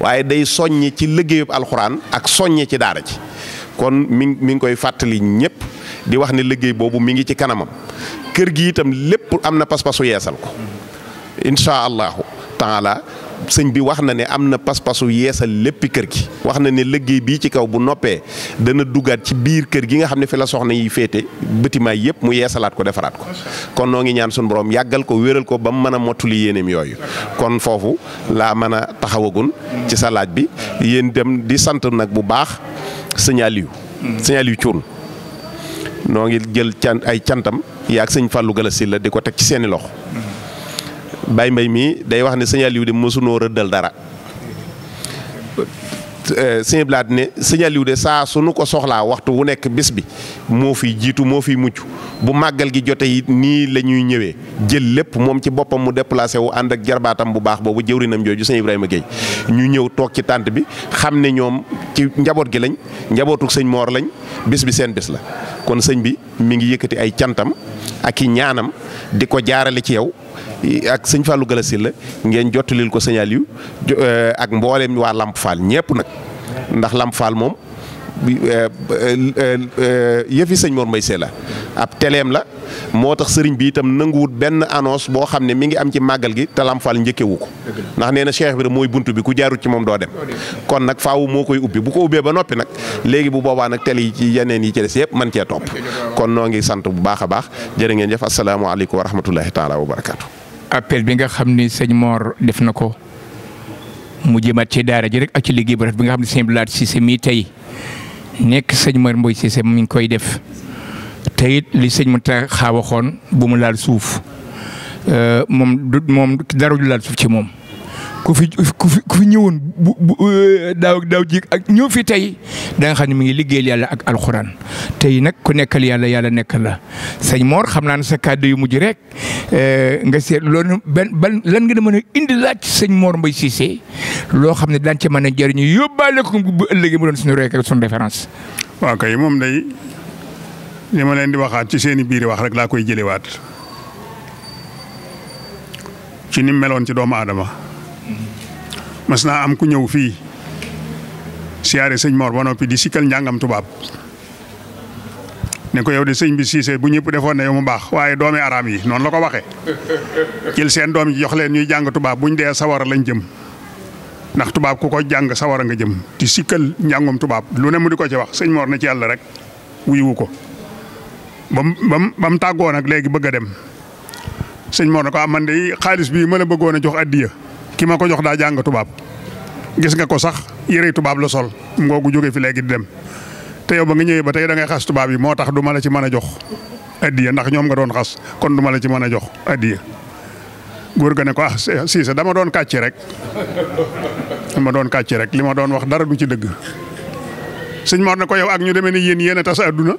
[SPEAKER 3] waaye day soññe ci liggéeyub alxuraan ak soññe ci daara ji kon mi mi ngi koy fàttali ñëpp di wax ne liggéey boobu mi ngi ci kanamam kër gi itam lépp am na pas-pasu yeesal ko incha allahu taala sëñ bi wax na ne am na pas-pasu yeesal lépp kër gi wax na ne liggéey bii ci kaw bu noppee dana duggaat ci biir kër gi nga xam ne fi la soxna yi féete bâtiment yëpp mu yeesalaat ko defaraat ko kon noo ngi ñaan suñu borom yàggal ko wéral ko ba mu mën a mottuli yéeneem yooyu kon foofu laa mën a taxawagun ci sa laaj bi yéen dem di sant nag bu baax sëñ Aliou sëñ Aliou Thioune noo ngi jël can ay cantam yaag sëñ Fallou Galass la di ko teg ci seeni loxo Baye Mbaye mii day wax ne sëñ Aliou de mosunoo rëddal dara euh, sëñ Blad ne sëñ de saa su ko soxlaa waxtu wu nekk bis bi moo fiy jiitu moo fiy mucc bu màggal gi jote yi nii la ñuy ñëwee jël lépp moom ci boppam mu déplacé wu ànd ak jarbaatam bu baax boobu jëwrinam jooju sëñ Ibrahima Gueye ñu ñëw toog ci tànt bi xam ne ñoom ci njaboot gi lañ njabootuk sëñ Moor lañ bis bi seen bis la kon sëñ bi mi ngi yëkkati ay cantam ak i ñaanam di ko jaarale ci yow. ak sëñ Fallou Galassine la ngeen jottalil ko sëñ Aliou euh, ak mboolem waa Lamp Fall ñëpp nag ndax Lamp Fall moom. Euh, euh, euh, yëfi sëñ may Mbaye Sylla ab teleem la moo tax sëriñ bi itam nanguwut benn annonce boo xam ne mi ngi am ci màggal gi te Lamfal njëkkewu ko ndax nee na Cheikh Ibra mooy bunt bi ku jaarut ci moom doo dem kon nag faawu moo koy ubbi bu ko ubbee ba noppi nag léegi bu boobaa nag tele yi ci yeneen yi ci des yëpp man cee topp kon noo ngi sant bu baax a baax jërë ngeen jëf asalaamaaleykum wa rahmatulahi taala wa barakaatu.
[SPEAKER 1] appel bi nga xam ni sëñ Mor def na ko mu jëmaat ci daara ji rek ak ci liggéey bu rafet bi nga xam ne sëñ Blaat si semi tey nekk sëñ Mor Mboye Cissé mi ngi koy def te it li sëñ Mountakha waxoon bu mu laal suuf euh, moom du moom dara du laal suuf ci moom. ku fi ku fi ñëwoon bu bu eh, daaw daaw ji ak ñëw fi tey da nga xam ne mu ngi liggéeyal yàlla ak alxuraan tey nag ku nekkal yàlla yàlla nekkal la sëñ moor xam naa ne sa kàddu yu mujj rek eh, nga seet loolu ban ban lan nga mën a indi sëñ Mor Mbaye Cissé loo xam ne daan ci mën a jariñu yóbbaale ko bu léegi mu doon suñu rek ak suñu référence. waaw moom day li ma leen di waxaat ci seen biir wax rek laa koy waat
[SPEAKER 2] ci ni meloon ci doomu aadama. mas am ku ñëw fii siyaare sëñ moor ba noppi di sikkal njàngam tubaab ne ko yow de sëñ bi siisee bu ñëpp defoon na yow mu baax waaye doomi araam yi noonu la ko waxee jël seen doom yi jox leen ñuy jàng tubaab buñ dee sawara lañ jëm ndax tubaab ku ko jàng sawara nga jëm di sikkal njàngum tubaab lu ne mu di ko ci wax sëñ moor na ci yàlla rek wuyu ko ba mu ba mu tàggoo nag léegi bëgg a dem sëñ Mor ne ko ah man de xaalis bii ma la bëggoon a jox addiya kii ma ko jox daa jàng tubaab gis nga ko sax yëre tubaab la sol ngoogu jóge fi léegi di dem te yow ba nga ñëwee ba tey da ngay xas tubaab yi moo tax du ma la ci mën a jox addiya ndax ñoom nga doon xas kon du la ci mën a jox addiya góor ga ne ko ah siisa dama doon kàcce rek dama doon kàcce rek li ma doon wax dara du ci dëgg sëñ Mor ne ko yow ak ñu demee ni yéen yéen a tas adduna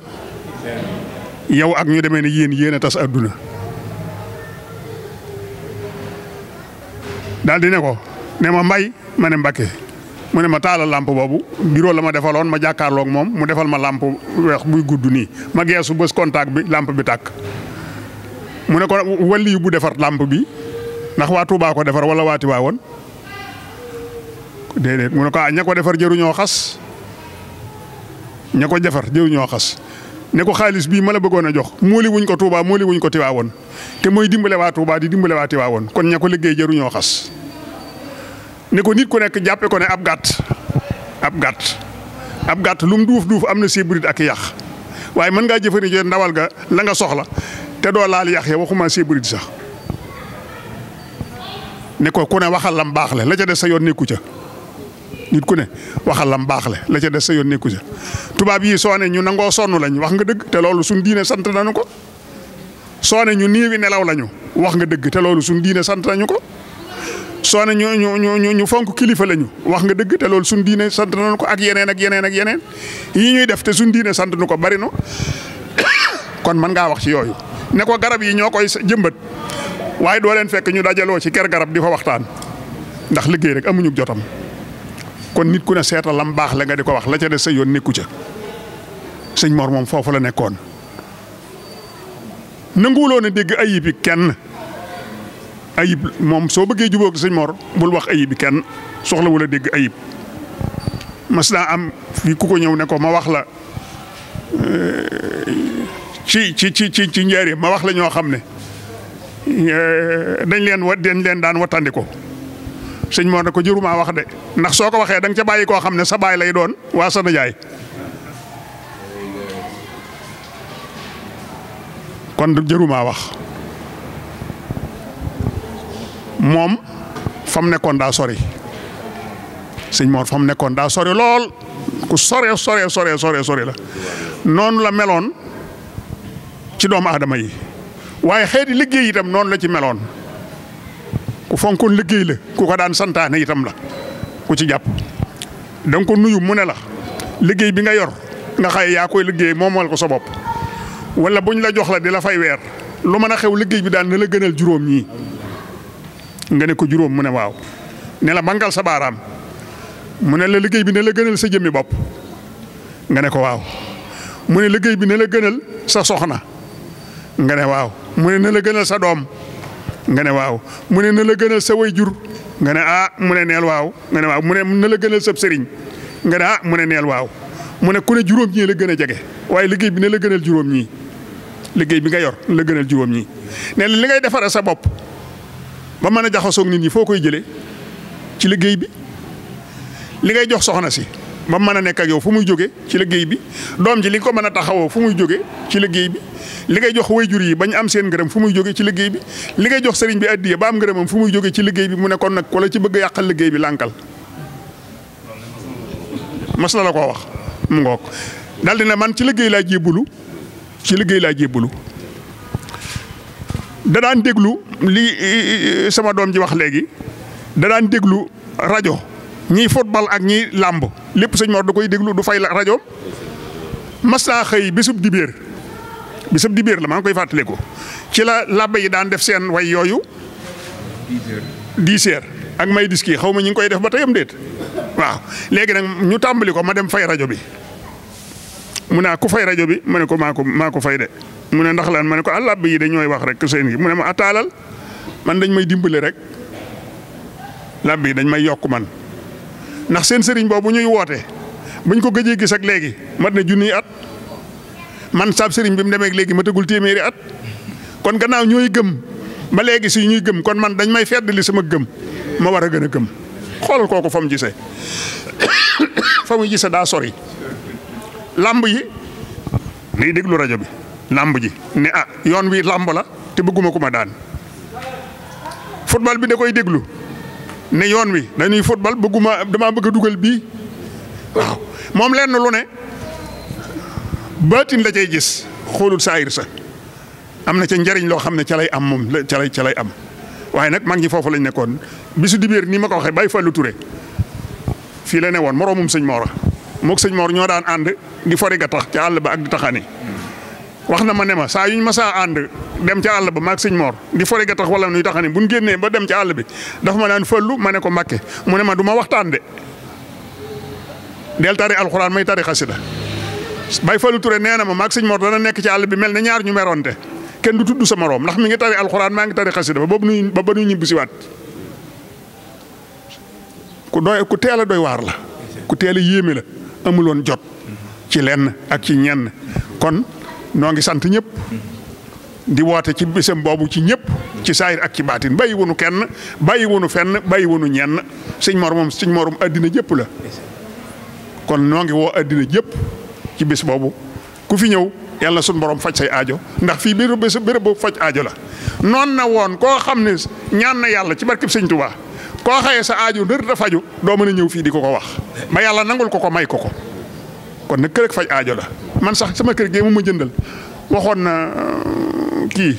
[SPEAKER 2] yow ak ñu demee ni yéen yéen a tas adduna daal di ne ko ne ma mbay ma ne mbakke mu ne ma taalal làmp boobu bureau la ma defaloon ma jàkkaarlook moom mu defal ma làmp weex buy gudd nii ma geesu bës kontaak bi làmp bi tàkk. mu ne ko waliyu bu defar làmp bi ndax waa Touba ko defar wala waa Tiwaawoon déedéet mu ne ko ah ña ko defar jaruñoo xas ña ko defar jëruñoo xas. ne ko xaalis bii ma la bëggoon a jox mooli wuñ ko Touba mooli wuñ ko Tiwaawoon te mooy dimbale waa Touba di dimbale waa Tiwaawoon kon ña ko liggéey jëruñoo xas. ne ko nit ku nekk jàppe ko ne ab gàtt ab gàtt ab gàtt lu mu duuf duuf am na sébrit ak yàq waaye mën ngaa jëfandikoo ndawal ga la nga soxla te doo laal yàq ya waxuma sébrit sax ne ko ku ne waxal lam baax le la ca des sa yoon nekku ca nit ku ne waxal lam baax le la ca des sa yoon nekku tubaab yii soo ne ñu nangoo sonn lañ wax nga dëgg te loolu suñ diine sant nañu ko soo ne ñu néewi nelaw lañu wax nga dëgg te loolu suñ diine sant nañu ko soo ne ñu ñu ñu ñu fonk kilifa lañu wax nga dëgg te loolu suñ diine sant nañu ko ak yeneen ak yeneen ak yeneen yi ñuy def te suñ diine sant nu ko bari na kon mën ngaa wax ci yooyu ne ko garab yi ñoo koy jëmbat waaye doo leen fekk ñu dajaloo ci ker garab di fa waxtaan ndax liggéey rek amuñu jotam kon nit ku ne seetal lam baax la nga di ko wax la ca des sa yoon nekku ca sëñ Mor moom foofu la nekkoon nanguwuloo ne dégg ayib yi kenn. ayib moom soo bëggee jubóog sëñ Mor bul wax ayib kenn soxla wala dégg ayib mas naa am fii ku ko ñëw ne ko ma wax la eh, ci ci ci ci ci njëriñ ma wax la ñoo xam ne eh, dañ leen wa dañ leen daan wattandi ko sëñ Mor ne ko jërumaa wax de ndax soo ko waxee da ca bàyyi koo xam ne sa baay lay doon waa sa jaay kon jërumaa wax. moom fa mu nekkoon daa sori sëñ Mor fa mu nekkoon daa sori lool ku sore sore sore sore sori la noonu la meloon ci doomu aadama yi waaye xeeti liggéey itam noonu la ci meloon ku fonkoon liggéey la ku ko daan santaane itam la ku ci jàpp da nga ko nuyu mu ne la liggéey bi nga yor nga xaye yaa koy liggéey moomal ko sa bopp buñ la jox la di la fay weer lu mën a xew liggéey bi daan na gënal juróom ñii nga ne ko juróom mu ne waaw ne la mangal sa baaraam mu ne la liggéey bi ne gënal sa jëmmi bopp nga ne ko waaw mu liggéey bi ne gënal sa soxna nga ne waaw mu ne ne gënal sa doom nga ne waaw mu ne ne la gënal sa wayjur nga ne ah mu ne neel waaw nga ne waaw mu ne ne la gënal sa sëriñ nga ne ah mu neel waaw mu ne ku ne juróom ñii la gën a jege waaye liggéey bi ne la gënal juróom ñii liggéey bi nga yor la gënal juróom ñii ne li ngay defaral sa bopp ba mën a jaxasoog nit ñi foo koy jële ci liggéey bi li ngay jox soxna si ba mën a nekk ak yow fu muy jógee ci liggéey bi doom ji li ko mën a taxawoo fu muy jógee ci liggéey bi li ngay jox jur yi bañ am seen ngërëm fu muy jógee ci liggéey bi li ngay jox sëriñ bi addiya ba am ngërëmam fu muy jógee ci liggéey bi mu ne kon nag ku ci bëgg a yàqal liggéey bi lànkal mas na la ko wax mu ngoog daal dina man ci liggéey laa jébbulu ci liggéey laa jébbulu da daan déglu lii eh, sama doom ji wax léegi da daan déglu rajo ñiy football ak ñiy làmb lépp sëñ Mor da koy déglu du fay la rajo masta xëy bésub dibéer bésub dibéer la maa ngi koy fàttaliku ci la labbe yi daan def seen way yooyu. dix ak may diski xaw ma ñu ngi koy def ba teyam déet waaw léegi nag ñu tàmbali ko ma dem fay rajo bi mun naa ah, ku fay rajo bi ma ne ko maa ko maa ko fay de. mu ne ndax lan ma ne ko àllab yi dañooy wax rek seen gi mu ne ma ataalal man dañ may dimbale rek làbb yi dañ may yokk man ndax seen sëriñ boobu ñuy woote bañ ko gëjee gis ak léegi mat na junniy at man saab sëriñ bi mu demee léegi ma tëggul téeméeri at kon gannaaw ñooy gëm ma léegi si ñuy gëm kon man dañ may feddali sama gëm ma war a gën a gëm xoolal kooku fa mu gisee fa mu gisee daa sori làmb yi liy déglu rajo bi. làmb ji ne a ah, yoon wi làmb la te bëgguma ku ma daan football bi da koy déglu ne yoon wi dañuy football bëgguma damaa bëgg a dugal bii waaw moom lenn lu ne baatin la cay gis xoolut saayir sax am na ca njariñ loo xam ne ca lay am moom ca lay ca lay am waaye nag mag ñi foofu lañ nekkoon bisu dibéer nii ma ko waxee Baye Fallou fii la ne woon moroomum sëñ Mor moog sëñ Mor ñoo daan ànd di fori ga tax ca àll ba ak di taxaani wax na ma ne ma saa yuñ saa ànd dem ca àll ba maag sëñ moor di fore ga tax wala nuy tax ne buñ génnee ba dem ca àll bi dafa ma naan fëllu ma ne ko mbàkke mu ne ma du ma waxtaan de del tari alxuraan may tari xasida bay fëllu na ma maag sëñ moor dana nekk ci àll bi mel ne ñaar ñu kenn du tudd sa morom mi ngi tari alxuraan maa ngi tari xasida ba boobu nuy ba ba nuy ñibbi si waat ku doy ku teel a doy waar la ku teel a yéeme la amuloon jot ci lenn ak ci ñenn kon noo ngi sant ñëpp di woote ci bisam boobu ci ñëpp ci saayir ak ci baatin bàyyi wunu kenn bàyyi wunu fenn bàyyi wunu ñenn sëñ Mor moom moroom àddina jëpp la kon noo ngi woo àddina jëpp ci bis boobu ku fi ñëw yàlla sun borom faj say aajo ndax fii biir bés béréb bu faj aajo la noon na woon koo xam ne ñaan na yàlla ci barkib sëñ Tuubaa koo xaye sa aajo ndër da faju doo mën a ñëw fii di ko ko wax ba yàlla nangul ko ko may ko ko kon nag kër ak faj aajo la man sax sama kër gee moom ma jëndal waxoon na euh, kii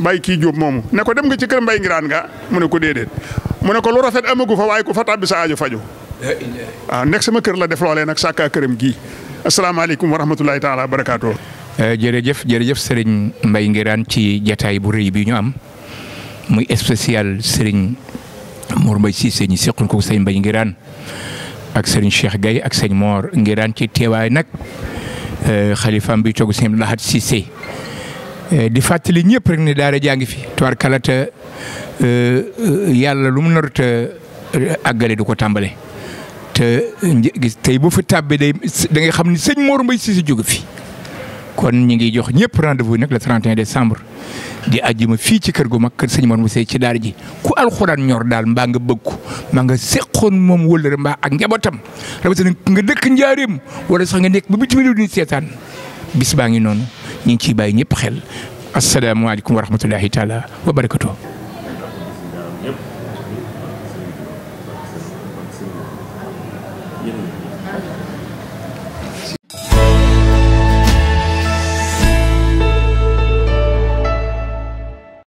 [SPEAKER 2] mbay kii Jóob moomu ne ko dem nga ci kër mbay ngiraan nga mu ne ko déedéet mu ne ko lu rafet amagu fa waaye ko fa tàbbi sa aajo faju
[SPEAKER 1] waaw
[SPEAKER 2] ah, nekk sama kër la def loolee nag sàkkaa këram gii asalaamaaleykum wa rahmatulahi taala wa barakaatu.
[SPEAKER 1] Eh, jërëjëf jërëjëf sëriñ mbay ngiraan ci jataay bu rëy bi ñu am muy spécial sëriñ Mor Mbaye Cissé ñi seqoon ko sëriñ mbay ngiraan ak sëriñ Cheikh Gaye ak sëñ Mor ngiran ci teewaay nag euh, xalifaam bi toog sëñ Lahat Cissé euh, di fàttali ñëpp rek ne daar jaa ngi fi tuwaar kala te euh, yàlla lu mu na a àggale du ko tàmbale. te gis tey bu fi tàbbee day da ngay xam ni sëñ moor Mbaye Cissé jóge fi kon ñu ngi jox ñëpp rendez-vous nag le 31 décembre. di àjjuma fii ci kër gu makka kër sëñ Mor mu ci daara ji ku alxuraan ñor daal mbaa nga bëgg ko mbaa nga seqoon moom wëllëre mbaa ak njabootam rawatina nga dëkk njaareem wala sax nga nekk ba bitim réew di seetaan bis baa ngi noonu ñu ngi ciy bàyyi ñëpp xel asalaamaaleykum wa rahmatullahi taala wa barakatuh